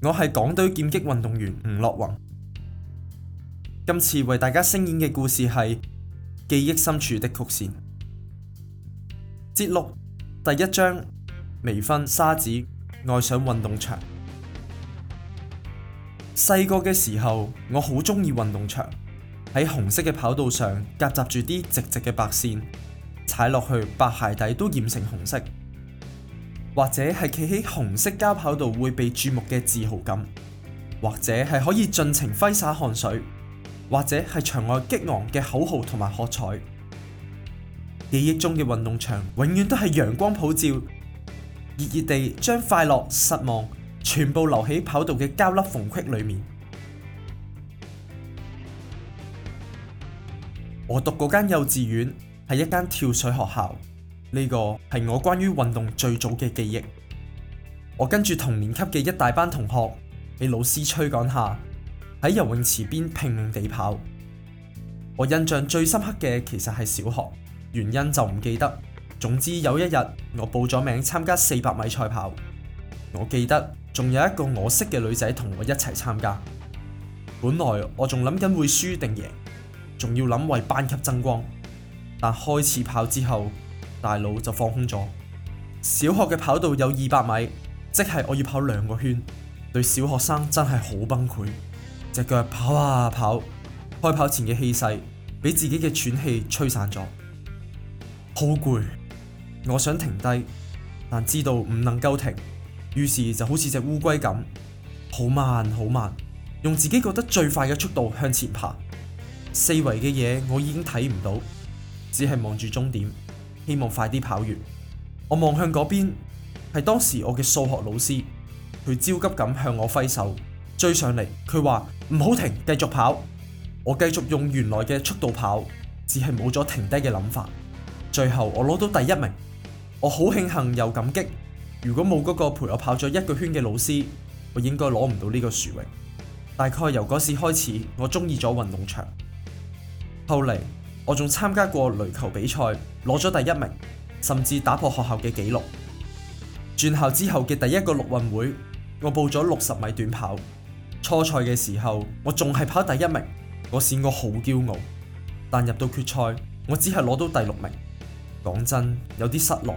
我係港隊劍擊運動員吳諾弘，今次為大家聲演嘅故事係《記憶深處的曲線》，節錄第一章《微醺沙子愛上運動場》。細個嘅時候，我好鍾意運動場，喺紅色嘅跑道上夾雜住啲直直嘅白線，踩落去白鞋底都染成紅色。或者係企喺紅色膠跑道會被注目嘅自豪感，或者係可以盡情揮灑汗水，或者係場外激昂嘅口號同埋喝彩。記憶中嘅運動場永遠都係陽光普照，熱熱地將快樂、失望全部留喺跑道嘅膠粒縫隙裏面。我讀嗰間幼稚園係一間跳水學校。呢個係我關於運動最早嘅記憶。我跟住同年級嘅一大班同學，喺老師催趕下，喺游泳池邊拼命地跑。我印象最深刻嘅其實係小學，原因就唔記得。總之有一日我報咗名參加四百米賽跑，我記得仲有一個我識嘅女仔同我一齊參加。本來我仲諗緊會輸定贏，仲要諗為班級爭光，但開始跑之後。大腦就放空咗。小學嘅跑道有二百米，即係我要跑兩個圈。對小學生真係好崩潰。隻腳跑啊跑，開跑前嘅氣勢俾自己嘅喘氣吹散咗，好攰。我想停低，但知道唔能夠停，於是就好似隻烏龜咁，好慢好慢，用自己覺得最快嘅速度向前爬。四圍嘅嘢我已經睇唔到，只係望住終點。希望快啲跑完。我望向嗰邊，係當時我嘅數學老師，佢焦急咁向我揮手追上嚟。佢話唔好停，繼續跑。我繼續用原來嘅速度跑，只係冇咗停低嘅諗法。最後我攞到第一名，我好慶幸又感激。如果冇嗰個陪我跑咗一個圈嘅老師，我應該攞唔到呢個殊榮。大概由嗰時開始，我中意咗運動場。後嚟。我仲參加過壘球比賽，攞咗第一名，甚至打破學校嘅紀錄。轉校之後嘅第一個陸運會，我報咗六十米短跑，初賽嘅時候我仲係跑第一名，我善我好驕傲。但入到決賽，我只係攞到第六名，講真有啲失落。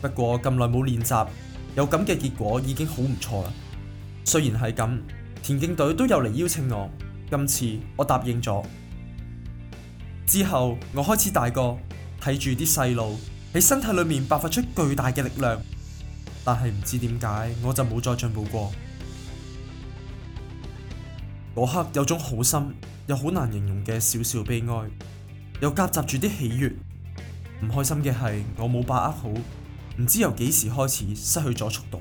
不過咁耐冇練習，有咁嘅結果已經好唔錯啦。雖然係咁，田徑隊都有嚟邀請我，今次我答應咗。之後我開始大個，睇住啲細路喺身體裏面爆發出巨大嘅力量，但係唔知點解我就冇再進步過。嗰刻有種好心又好難形容嘅少少悲哀，又夾雜住啲喜悅。唔開心嘅係我冇把握好，唔知由幾時開始失去咗速度。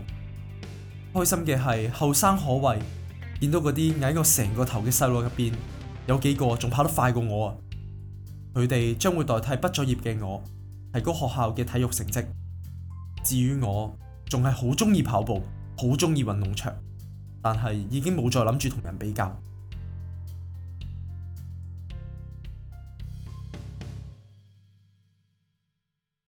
開心嘅係後生可畏，見到嗰啲矮我成個頭嘅細路入邊，有幾個仲跑得快過我啊！佢哋將會代替畢咗業嘅我，提高學校嘅體育成績。至於我，仲係好鍾意跑步，好鍾意運動場，但係已經冇再諗住同人比較。